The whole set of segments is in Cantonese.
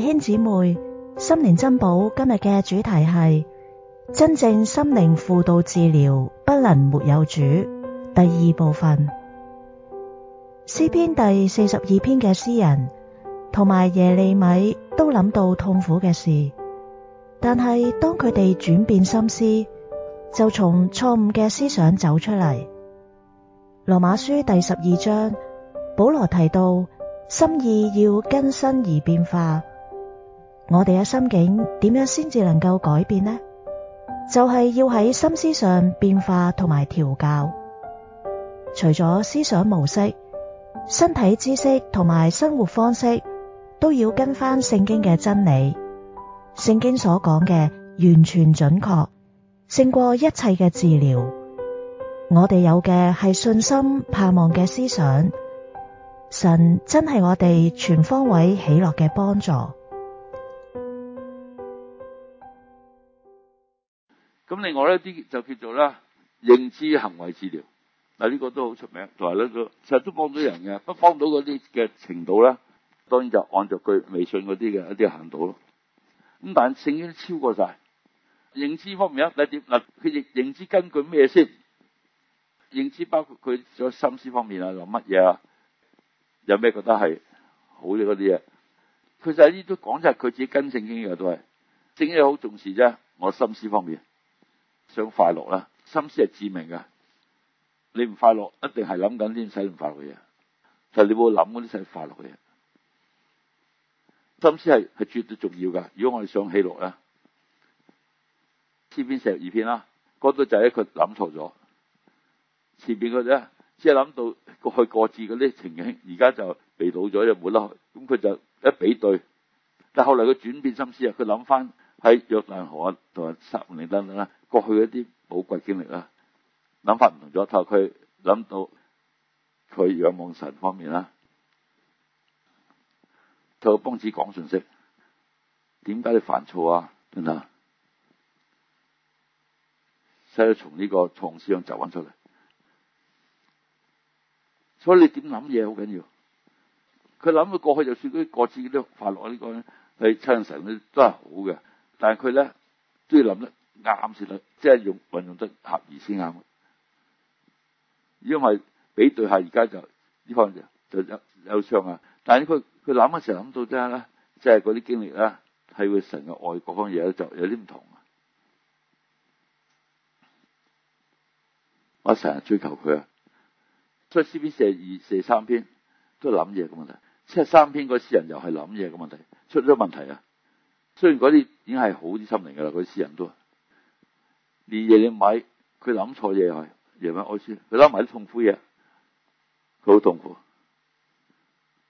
弟兄姊妹，心靈珍寶今日嘅主題係真正心靈輔導治療不能沒有主。第二部分詩篇第四十二篇嘅詩人同埋耶利米都諗到痛苦嘅事，但係當佢哋轉變心思，就從錯誤嘅思想走出嚟。羅馬書第十二章保羅提到心意要更新而變化。我哋嘅心境點樣先至能夠改變呢？就係要喺心思上變化同埋調教，除咗思想模式、身體知識同埋生活方式，都要跟翻聖經嘅真理。聖經所講嘅完全準確，勝過一切嘅治療。我哋有嘅係信心盼望嘅思想，神真係我哋全方位喜樂嘅幫助。咁另外呢啲就叫做啦認知行為治療，嗱、這、呢個都好出名，同埋咧個其實都幫到人嘅，不過幫到嗰啲嘅程度咧，當然就按照佢微信嗰啲嘅一啲行到咯。咁但係聖經超過晒，認知方面啊？你點嗱佢認知根據咩先？認知包括佢咗心思方面啊，諗乜嘢啊？有咩覺得係好嘅嗰啲嘢？其實呢都講係佢自己跟聖經嘅都係聖經好重視啫，我心思方面。想快樂啦，心思係致命嘅。你唔快樂，一定係諗緊啲使唔快樂嘅嘢。但、就、係、是、你冇諗嗰啲使快樂嘅嘢，心思係係絕對重要㗎。如果我哋想喜樂咧，詩篇四二篇啦，嗰度就係佢諗錯咗前邊嗰啲，只係諗到過去各自嗰啲情景，而家就未老咗就冇啦。咁佢就一比對，但係後嚟佢轉變心思啊，佢諗翻喺約旦河啊，同埋撒母寧等等啦。過去一啲寶貴經歷啦，諗法唔同咗。佢諗到佢仰望神方面啦，佢幫自己講信息，點解你犯錯啊？點啊？使佢從呢、呢個創始上走翻出嚟，所以你點諗嘢好緊要。佢諗佢過去就算嗰啲過自己啲快樂呢、呢個，你親成都都係好嘅，但係佢呢，都要諗咧。啱先啦，即係用運用得合宜先啱。因為比對下而家就呢方就就有有上啊，但係佢佢諗嘅時候諗到即係咧，即係嗰啲經歷咧，係佢成日愛嗰方嘢咧，就有啲唔同。我成日追求佢啊，所以詩篇四二四三篇都諗嘢嘅問題，七三篇個詩人又係諗嘢嘅問題，出咗問題啊。雖然嗰啲已經係好啲心靈嘅啦，嗰詩人都。連夜你買，佢諗錯嘢，係夜晚哀書，佢諗埋啲痛苦嘢，佢好痛苦。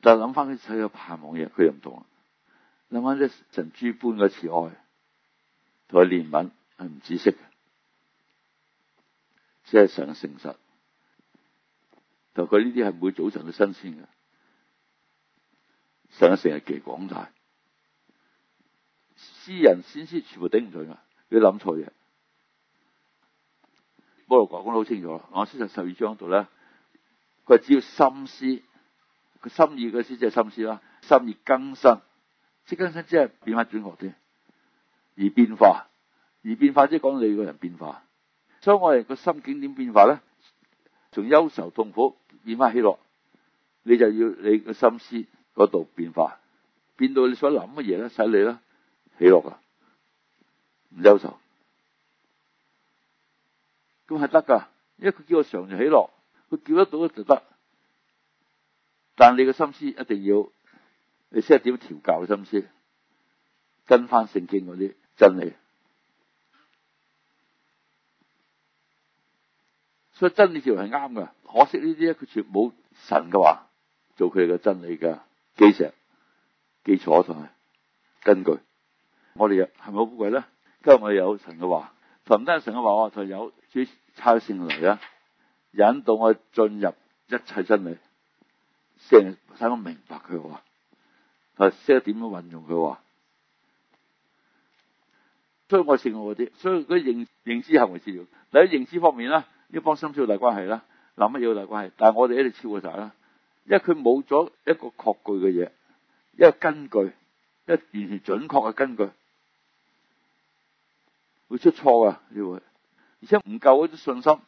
但諗翻佢所有盼望嘢，佢又唔同。諗翻啲神諸般嘅慈愛同佢憐憫，係唔止息嘅，即係神嘅誠實。但佢呢啲係每早晨都新鮮嘅，神嘅誠實極廣大，詩人先知全部頂唔順啊！佢諗錯嘢。保羅講得好清楚，羅書十二章度咧，佢話只要心思，佢心意嘅意思即係心思啦，心意更新，即更新即係變翻正確啲，而變化，而變化即係講你個人變化，所以我哋個心境點變化咧，從憂愁痛苦變翻喜樂，你就要你個心思嗰度變化，變到你想諗嘅嘢咧，使你咧喜樂啊，唔憂愁。咁係得噶，因為佢叫我常住起落，佢叫得到就得。但你嘅心思一定要，你識係點調教心思，跟翻聖經嗰啲真理。所以真理條係啱嘅，可惜呢啲咧佢全冇神嘅話做佢嘅真理嘅基石、基礎同埋根據。我哋有係咪好寶貴咧？今日我哋有神嘅話。神都係成日話我就有主差聖嚟啊，引導我進入一切真理，成使我明白佢話，啊識得點樣運用佢話，所以我信我啲，所以佢認認知行為治療，你喺認知方面啦，要幫心智好大關係啦，諗乜嘢好大關係，但係我哋一定超過晒啦，因為佢冇咗一個確據嘅嘢，一個根據，一個完全準確嘅根據。會出錯噶，要，而且唔夠嗰啲信心。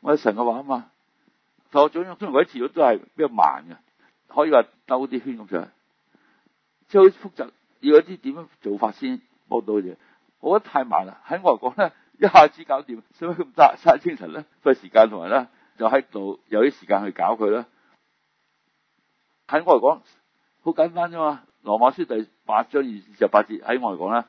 我喺神嘅話啊嘛，但係我想象中佢遲早都係比較慢嘅，可以話兜啲圈咁樣，即係好複雜，要一啲點樣做法先摸到嘢。我覺得太慢啦，喺我嚟講咧，一下子搞掂，使乜咁雜？三清晨咧，費時間同埋咧，就喺度有啲時間去搞佢啦。喺我嚟講，好簡單啫嘛，《羅馬書》第八章二十八節外國呢，喺我嚟講咧。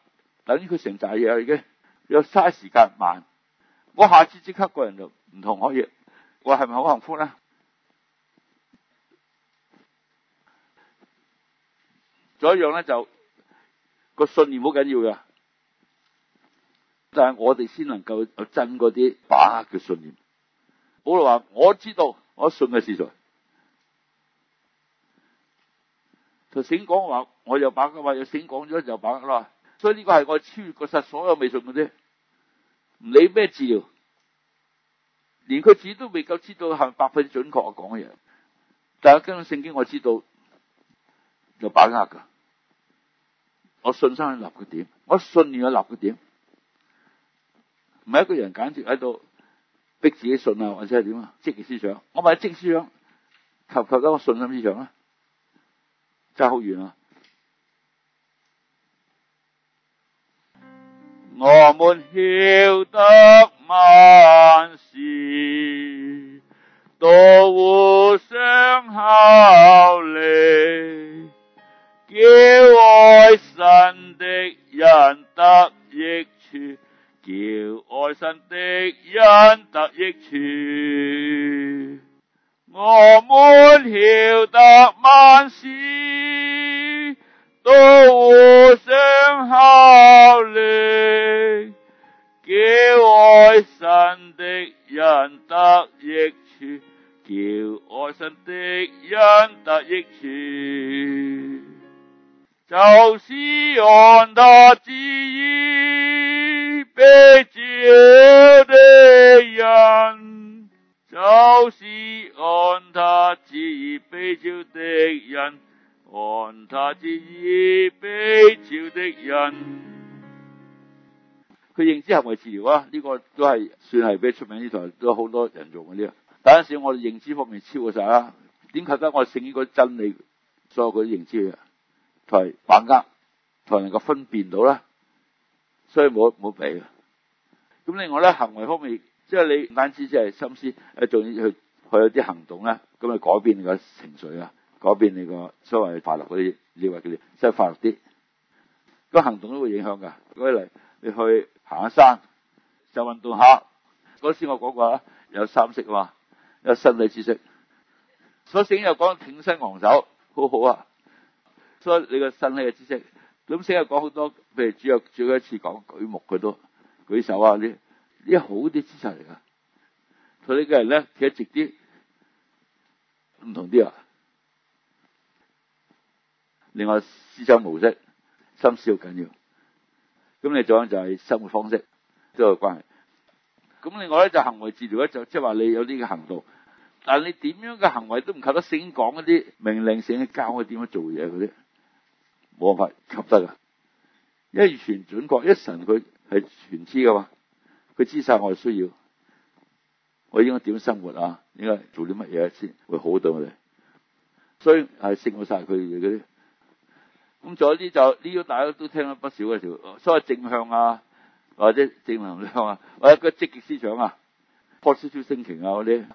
等於佢成紮嘢，已經有嘥時間慢，我下次即刻個人就唔同可以，我係咪好幸福咧？仲一樣咧，就個信念好緊要嘅。但係我哋先能夠有真嗰啲把握嘅信念。保羅話：我知道我信嘅是神。就先講話，我又把握，又先講咗就把握啦。所以呢個係我超越過晒所有未信嗰啲，唔理咩治療，連佢自己都未夠知道係咪百分之準確我講嘅嘢。但係根據聖經我知道，就把握噶，我信心去立佢點，我信念去立佢點，唔係一個人簡直喺度逼自己信啊，或者係點啊，積極思想，我咪積極思想，求求緊我信心思想啦，真係好遠啊！我們曉得萬事都互相效力，叫愛神的人得益處，叫愛神的人得益處。我們曉得萬事。都互相效力，叫愛神的人得益處，叫愛神的人得益處。 就是按他旨意被召的人，就是按他旨意被召的人。寒他之意，悲照的人，佢認知行為治療啊，呢個都係算係比較出名呢台，都好多人用嗰啲。但係嗰時我哋認知方面超過晒啦，點解得我哋勝於嗰真理所有嗰啲認知嘅，同埋把握，才能夠分辨到啦。所以冇冇俾。咁另外咧，行為方面，即係你唔單止即係心思，誒，仲要去去有啲行動咧，咁去改變你個情緒啊。改變你個所謂快樂嗰啲，你話叫你即係快樂啲。就是法律那個行動都會影響噶。舉、那個、例，你去行下山，就運動下。嗰時我講過啦，有三識嘛，有身體知識。所先又講挺身昂首，好好啊。所以你個身體嘅知識，咁先又講好多，譬如主要最一次講舉目佢都舉手啊啲，呢好啲知識嚟噶。佢呢個人咧企直啲，唔同啲啊。另外思想模式、心思好緊要，咁你仲有就係生活方式都有關係。咁另外咧就行為治療咧，就即係話你有呢個行動，但係你點樣嘅行為都唔及得聖講嗰啲命令性嘅教我點樣做嘢嗰啲，冇法及得㗎。因為全準確，一神佢係全知㗎嘛，佢知曬我哋需要，我應該點樣生活啊？應該做啲乜嘢先會好到我哋？所以係勝過曬佢哋嗰啲。咁仲有啲就呢啲，大家都聽得不少嘅條，所謂正向啊，或者正能量啊，或者個積極思想啊，positive 心情啊嗰啲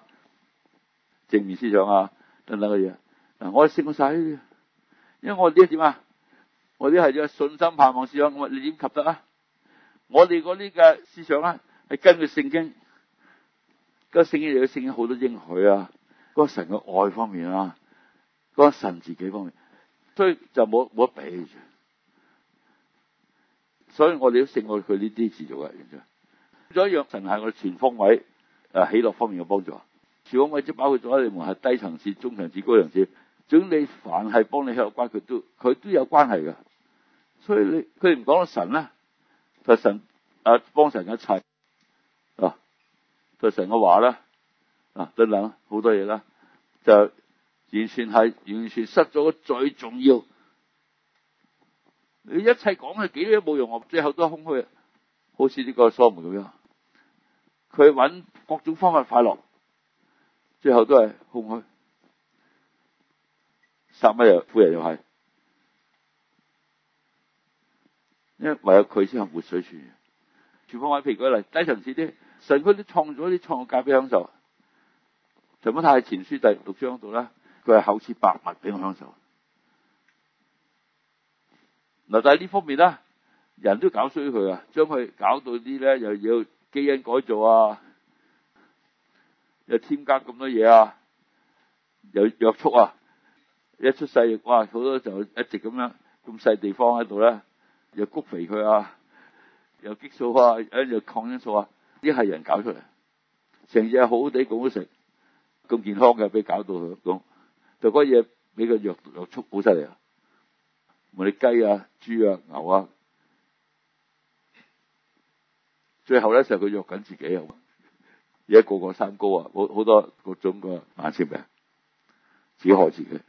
正面思想啊等等嘅嘢。嗱，我哋勝過晒呢啲，因為我哋點啊？我哋係要信心盼望思想。我哋你點及得啊？我哋嗰啲嘅思想啊，係根據聖經，個聖經嚟嘅聖經好多應許啊，個神嘅愛方面啊，個神自己方面。所以就冇冇得比嘅，所以我哋都勝過佢呢啲事做嘅，然之後咗一樣神係我全方位啊喜樂方面嘅幫助，全方位。即包括咗你，無論係低層次、中層次、高層次，總你凡係幫你有關，佢都佢都有關係嘅。所以你佢唔講到神咧，就神啊幫神一切啊，就神嘅話咧啊等等好多嘢啦，就。完全係完全失咗個最重要，你一切講嘅幾多冇用，最後都係空虛，好似呢個所羅門咁樣，佢揾各種方法快樂，最後都係空虛。撒瑪利亞婦人又係，因為唯有佢先係活水泉。全方位譬如舉例，低層次啲神次啲神，佢啲創造啲創造嘅享受。提摩太前書第六章度啦。佢係口似白物俾我享受嗱，但係呢方面咧，人都搞衰佢啊！將佢搞到啲咧又要基因改造啊，又添加咁多嘢啊，又約束啊，一出世哇好多就一直咁樣咁細地方喺度咧，又谷肥佢啊，又激素啊，誒又抗生素啊，一係人搞出嚟，成日好啲咁好食咁健康嘅，俾搞到佢咁。就嗰嘢俾個藥藥速好犀利啊！無論雞啊、豬啊、牛啊，最後咧就佢藥緊自己啊！而家個個三高啊，好好多各種個眼識病，自己害自己。